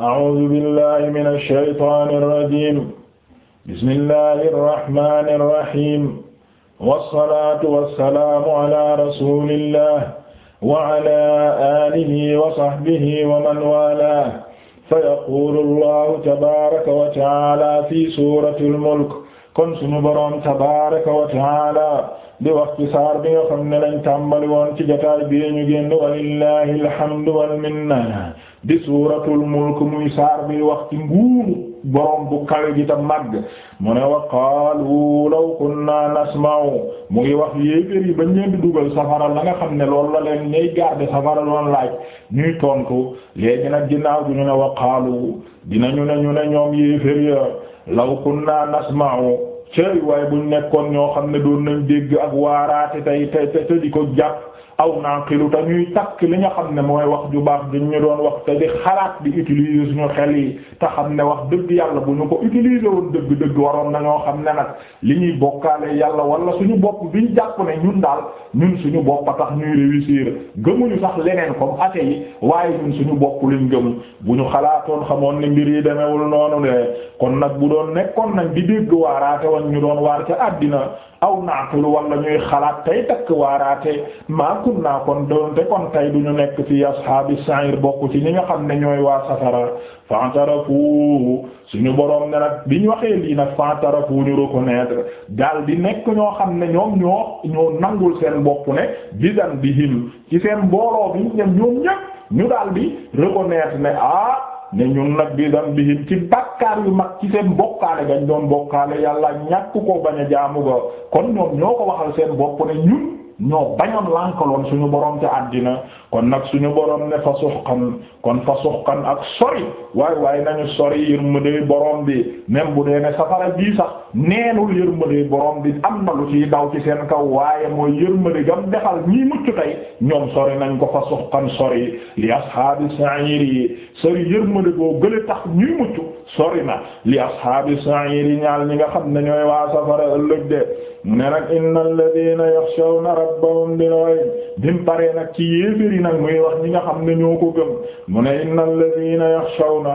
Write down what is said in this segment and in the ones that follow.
أعوذ بالله من الشيطان الرجيم بسم الله الرحمن الرحيم والصلاة والسلام على رسول الله وعلى آله وصحبه ومن والاه فيقول الله تبارك وتعالى في سورة الملك kon sunu boroom tabaraka wa taala di wax ci saar bi nga xam ne lañ tàmbali woon ci jotaay bi ñu génn walillahi alhamdu wal minna di suuratul mulk muy saar bi wax ci nguuru borom bu kawe gi ta màgg mu ne wa qaalu law kunna nasma'u mu ngi wax yéeféer yi bañ leen di dugal safara la nga xam ne loolu la leen ñay garde safara doon laaj ñuy tontu léegi nag ginnaaw bi ñu ne wa qaalu dinañu ne ñu ne ñoom yéeféer ya law kunna nasma'u cëy waaye buñ nekkoon ñoo xam ne doon nañ dégg ak waaraate tey tey te di ko jàpp aw naaqilu te ñuy takk li nga xam ne mooy wax ju baax dañ ñu doon wax te di xalaat di utiliser suñu xel yi te xam ne wax dëgg yàlla bu ñu ko utiliser woon dëgg-dëgg waroon nañoo xam ne nag li ñuy bokkaale yàlla wala suñu bopp bi ñu jàpp ne ñun daal ñun suñu bopp a tax ñuy réussir gëmuñu sax leneen ko ate yi waaye ñun suñu bokk lañ gëm bu ñu xalaatoon xamoon ni mbir yi demewul noonu de kon nag bu doon nekkoon nañ di dégg waaraate wan ñu doon waar ca àddina aw naaqilu wala ñuy xalaat tey takk waaraate kunna kon doonte kon tay du ñu nekk fi ashaabi sa'ir bokk ci ñi nga xam ne ñooy waa safara fa'tarafu suñu boroom ne nag biñ waxee lii nag fa'tarafu ñu reconnaître daal bi nekk ñoo xam ne ñoom ñoo ñoo nangul seen bopp ne bidan bihim ci seen mbooloo bi ñoom ñoom ñëpp ñu daal di reconnaître ne ah ne ñun nag bi dam bihim ci bakkaar yu mag ci seen bokkaale gañ doon bokkaale yàlla ñàkk ko bañ a jaamu ba kon ñoom ñoo ko waxal seen bopp ne ñun ñoo bañam lànkaloon suñu borom te àddina kon nag suñu borom ne fa suxqan kon fa suxqan ak sori waay waaye nañu sori yërmande boroom bi même bu dee ne safara bii sax neenul yërmande borom bi am na lu ciy daw ci seen kaw waaye mooy yërmande gam defal ñii mucc tey ñoom sori nañ ko fa suxqan sori li ashaabi sa'ir yi sori yërmande boo gële tax ñuy mucc na li ashaabi sa'ir yi ñaal ñi nga xam ne ñooy waa safara ëllëg de mu ne nag inna alladina yaxshawna rabbahum bil ghaib bim paree nag ci yéeféri nag muy wax ñi nga xam ne ñoo ko gëm mu ne inna alladina yaxshawna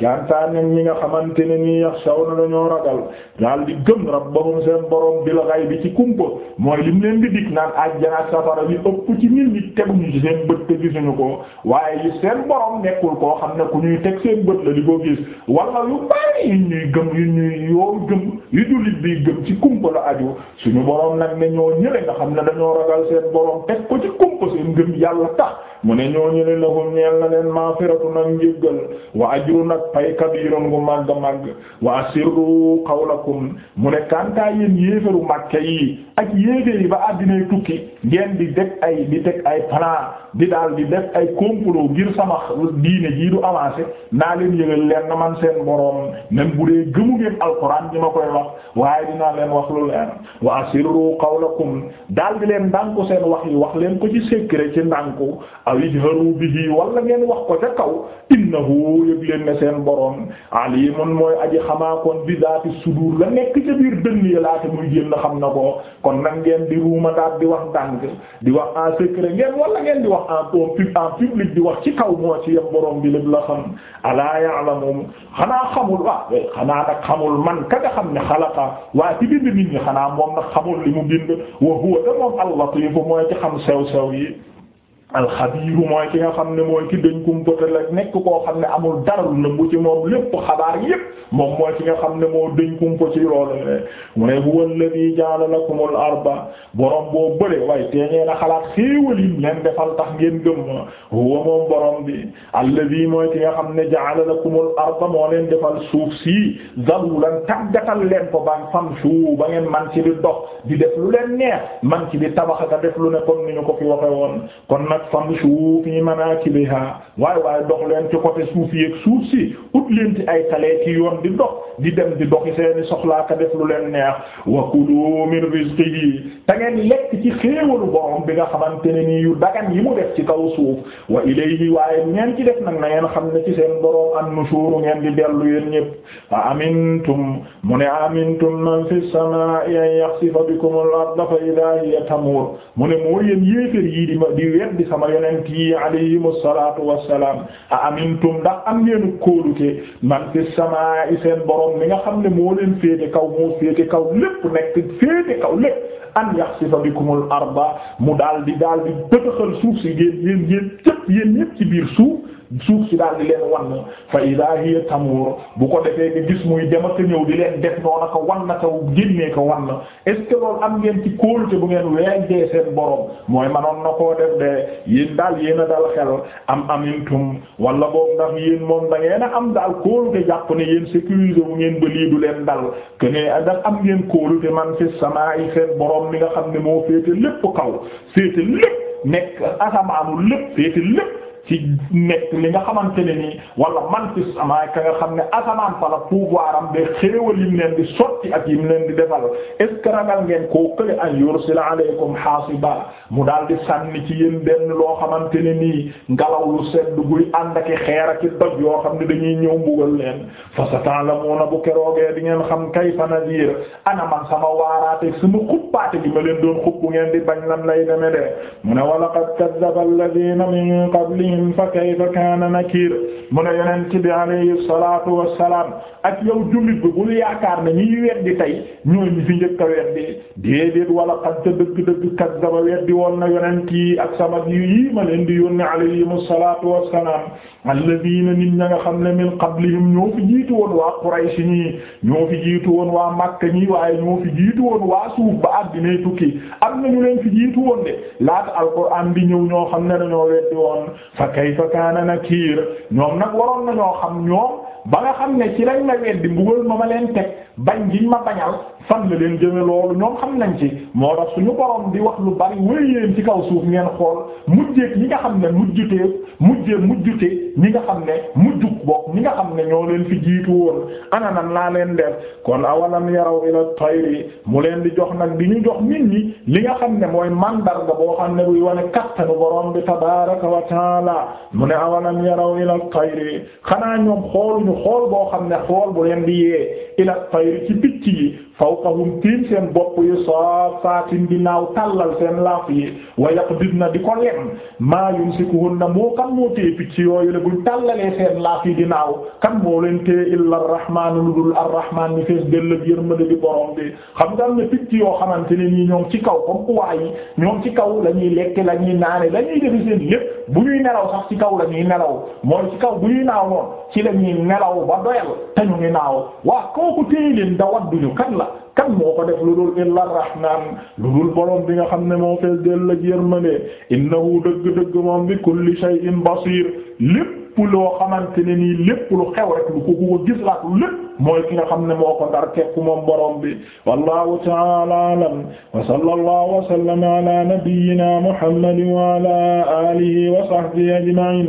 gantaa ñoom ñi nga xamante ne nii yaxshawna dañoo ragal daal di gëm rabbahum seen borom bil bi ci kumpa mooy lim leen di dig naan àjjana ak safara bi ëpp ci nit ñi teguñu ci seen bët te gisuñu ko waaye yi seen borom nekkul koo xam ne ku ñuy teg seen bët la di ko gis wala yu bari ñuy gëm yu ñuy yoo gëm yu jullit bi gëm ci kumpa la aju suñu borom nag ne ñoo ñële nga xam ne dañoo ragal seen borom teg ko ci kumpa seen gëm yàlla tax mu ne ñooñu ne lahum ñeel na leen maghfiratun ak njéggal wa ajrun ak pay kabiirun gu màgg màgg wa asirru qawlakum mu ne kantaa yéen yéefaru yi ak yéeféer yi ba àddina tukki di def ay di ay plan di daal di def ay complot ngir sama diine jii du avancé naa leen yëgal man seen boroom même bu dee gëmu ngeen alxuraan bi ma koy leen wax lu leen wa asirru qawlakum daal di leen ndànku seen wax yi wax leen ko ci secret ci ndànku aw ijharu bihi wala ngeen wax ko ca kaw innahu yëg leen ne seen boroom alimun mooy aji kon bi zaati sudur la nekk ca biir dënn ya laata muy génn xam na ko kon nag ngeen di ruuma daal di wax ndànk di wax en secret ngeen wala ngeen di wax en en public di wax ci kaw moo ci yem boroom bi lépp la xam alaa ya'lamu xanaa xamul waa ah, eh, xanaa nag xamul man ka nga xam ne xalaqa waa ci bind nit ñi xanaa moom nag xamul li mu bind wa huwa moom al-latifu sew yi alxabiiru mooy ki nga xam ne mooy ki dañ kumpata la nekk ko xam ne amul dara lu nëbbu ci moom lépp xabaar yépp moom mooy ki nga xam ne moo dañ kumpa ci loolu ne mu ne huwa alladhi ja'ala lakumul arda borom boo bële waaye tee ngeen a xalaat xéewal yi leen defal tax ngeen gëm huwa moom borom bi alladhi mooy ki nga xam ne ja'ala lakumul arda moo leen defal suuf si tax tàggatal leen ko baan famshu ba ngeen man ci di dox di def lu leen neex man ci di tabax ne comme ni ko fi waxe famshu fi manakibiha waaye waaye dox leen ci côté suuf yeeg suuf si ut leen ci ay talee ci yoon di dox di dem di doxi seeni soxlaa ka def lu leen neex wa kulu min rizqihi te ngeen lekk ci xéewalu borom bi nga xamante ne nii yu dagan yi mu def ci kaw suuf wa ilayhi waaye ngeen ci def nag na ngeen xam ne ci seen borom an nushur ngeen di dellu yéen ñépp fa amintum mu ne amintum man fi samaa'i an yakhsifa bikum al-ardha fa idha tamur mu ne moo yéen yi sama yonent yi alayhimu salaatu wassalaam a amintum ndax am ngeen kóolute man fi samaa'i seen borom mi nga xam ne moo leen féete kaw moo féete kaw lépp nekk féete kaw lépp an yaxsifa bikumul arda mu daal di daal di bëtëxal suuf si ngeen yéen yéen ci biir suuf suuf si daal di leen wan fa idaa hiya tamuur bu ko defee nga gis muy dem ak ñëw di leen def noonu ko wan na ko génnee ko wan na est ce que loolu am ngeen ci kóolute bu ngeen weeggee seen borom mooy manoon na koo def de yéen daal yéen a dal xel am amintum wala boog ndax yéen moom da ngeen a am daal kóolute jàpp ne yéen sécuriser bu ngeen ba lii du leen dal que ne ndax am ngeen kóolute man fi samaa'i seen borom mi nga xam ne moo féete lépp kaw féete lépp nekk ci nekk li nga xamante ne nii wala man fi sama ka nga xam ne asamaan fa la pouvoir am day xéewal yim leen di sotti ak yim leen di defal est ce que ragal ngeen koo kële an yursila alaykum hasiba mu daal di sànni ci yéen benn loo xamante ne nii ngelaw lu sedd guy ànd ak xeer ak doj yoo xam ne dañuy ñëw mbugal leen fa sata'lamuna bu keroogee di ngeen xam kayfa nadir ana man sama waaraate sama xuppaate gi ma leen doon xupp ngeen di bañ lan lay deme de anhum fa kayfa kaana nakiir mu ne yonent bi alayhi salaatu wassalaam ak yow jullit bi bul yaakaar ne ñiy weddi tey ñooy ñi fi njëkk a weddi déedéet wala xat ta dëgg-dëgg kazzaba weddi woon na yonent yi ak sama yi ma leen di yónni alayhimu salaatu wassalaam alladiina nit ña nga xam ne min qablihim ñoo fi jiitu woon waa Quraysh ñii ñoo fi jiitu woon waa Makka ñii waaye ñoo fi jiitu woon waa suuf ba àddinay tukki am na ñu leen fi jiitu woon de laata alquraan bi ñëw ñoo xam ne dañoo weddi woon fa kayfa kaana nakiir ñoom nag waroon nañoo xam ñoom ba nga xam ne ci lañ la weddi mbugal ma ma leen teg bañ giñ ma bañal fan la leen jëme loolu ñoom xam nañ ci moo tax suñu borom di wax lu bari wéy yéen ci kaw suuf ngeen xool mujjeek ñi nga xam ne mujjutee mujjee mujjute ñi nga xam ne mujjuk bokk ñi nga xam ne ñoo leen fi jiitu woon ananan naa leen def kon awalam yaraw ila tayri mu leen di jox nag di ñu jox nit ñi li nga xam ne mooy mandarga boo xam ne buy wane kattanu borom bi tabaraka wa mu ne awalam yaraw ila tayri xanaa ñoom xooluñu xool boo xam ne xool bu leen ila tayri ci picc yi fawqahum tiim seen bopp yi saafaatin di naaw tàllal seen laaf yi wa na di ko lem maa yumsikuhunna moo kan moo téye picc yooyu la buñ tàllalee seen laaf yi di naaw kan moo leen téye illa arrahmaan lu dul arrahmaan ni fees dellëb yërmande di borom bi xam nga am na picc yoo xamante ne ñi ñoom ci kaw comme kuwaay yi ñoom ci kaw la ñuy lekk la ñuy naane la ñuy defi seen lépp bu ñuy nelaw sax ci kaw la ñuy nelaw mooy ci kaw bu ñuy naaw ci la ñuy nelaw ba moo ko téye leen da wadduñu kan la kan moo ko def lu dul illa rahmaan lu dul borom bi nga xam ne moo fees del la yërmande innahu dëgg-dëgg moom bi kulli shay'in basiir lépp loo xamante ne nii lépp lu xew rek lu ko ko gis la ak lépp mooy ki nga xam ne moo ko ndar kekku moom borom bi wallahu ta'ala a'lam wa sallallahu wa sallama ala nabiyyina muhammadin wa ala alihi wa sahbihi ajma'in